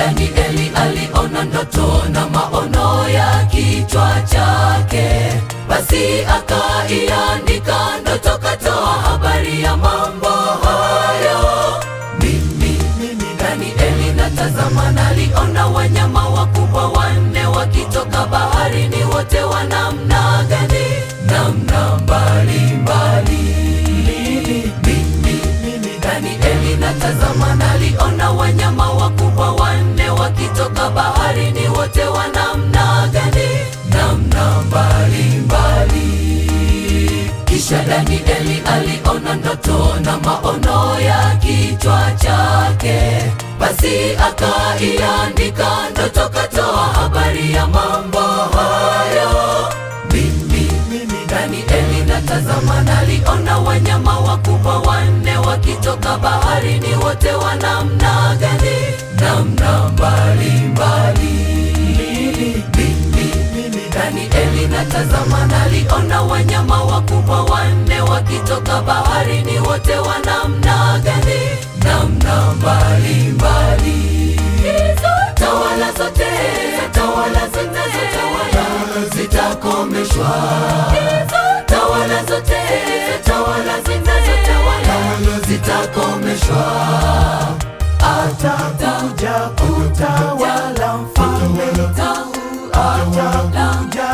Danieli aliona ndoto na maono ya kichwa chake, basi akaiandika ndoto, katoa habari ya mambo hayo. Mimi Danieli natazama, naliona wanyama wakubwa wanne wakitoka baharini, wote wana bahari ni wote wa namna gani? Namna mbalimbali. Kisha Danieli aliona ndoto na maono ya kichwa chake, basi akaiandika ndoto, katoa habari ya mambo hayo. Mimi Danieli natazama, naliona wanyama wakubwa wanne wakitoka baharini wote wa namna gani? Namna mbalimbali. Danieli natazama, naliona wanyama wakubwa wanne wakitoka baharini wote wa namna gani? Namna mbalimbali. Tawala zote, tawala zote tawala zitakomeshwa, tawala zote, tawala zote atakuja kutawala mfalme atakuja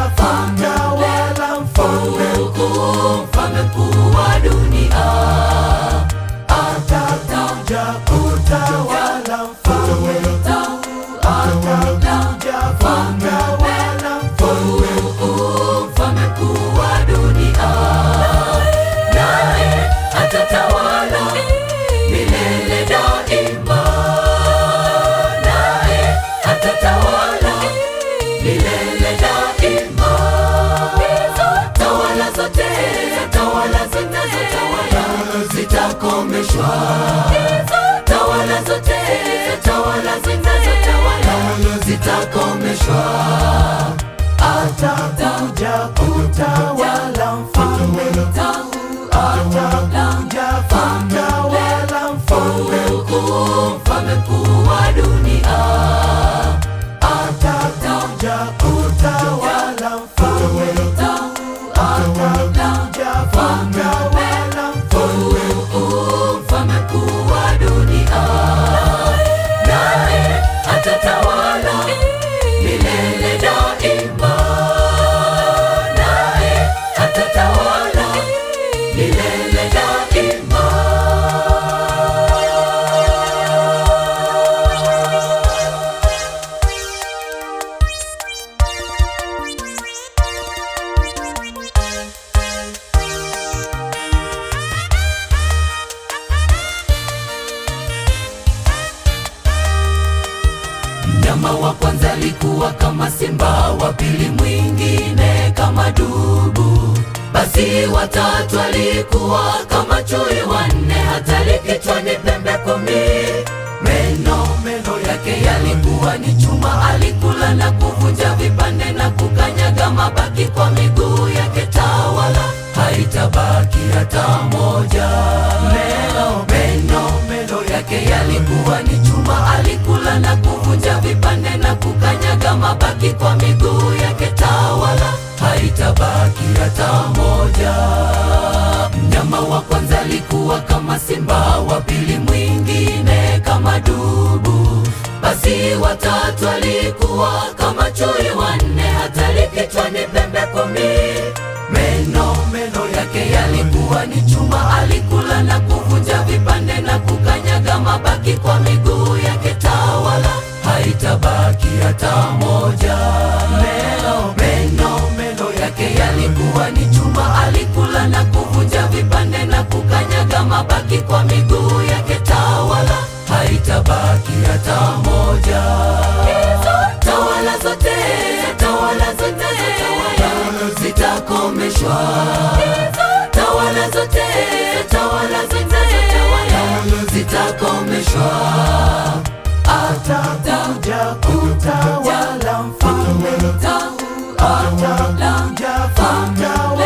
Tawala zote, tawala zinazotawala zitakomeshwa, atakuja kutawala mfalme, atakuja kutawala mfalme mkuu, mfalme mkuu wa dunia. kuwa kama simba, wa pili mwingine kama dubu, basi watatu alikuwa kama chui, wanne hatari kichwani pembe kumi. Meno meno yake yalikuwa ni chuma, alikula na kuvunja vipande na kukanyaga mabaki kwa miguu yake. kwa miguu yake tawala, haitabaki hata moja. Mnyama wa kwanza alikuwa kama simba, wa pili mwingine kama dubu, basi watatu alikuwa kama chui, wanne hatari kichwani, pembe kumi. Meno meno yake yalikuwa ni chuma, alikula na kuvunja vipande na kukanyaga mabaki kwa miguu yake tawala, haitabaki hata moja moja meno, meno, meno yake yalikuwa ni chuma, alikula na kuvunja vipande na kukanyaga mabaki kwa miguu yake. Tawala haitabaki hata moja, tawala zote, tawala zote zitakomeshwa, tawala zote, tawala zote zitakomeshwa. atakuja utawala mfalme atakuja utawala mfalme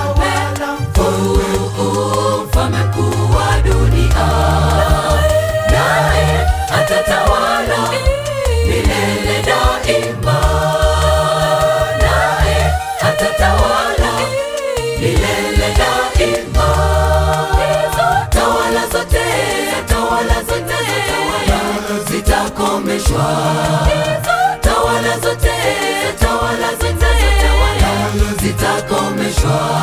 kichwa. Tawala zote, tawala zote zitakomeshwa.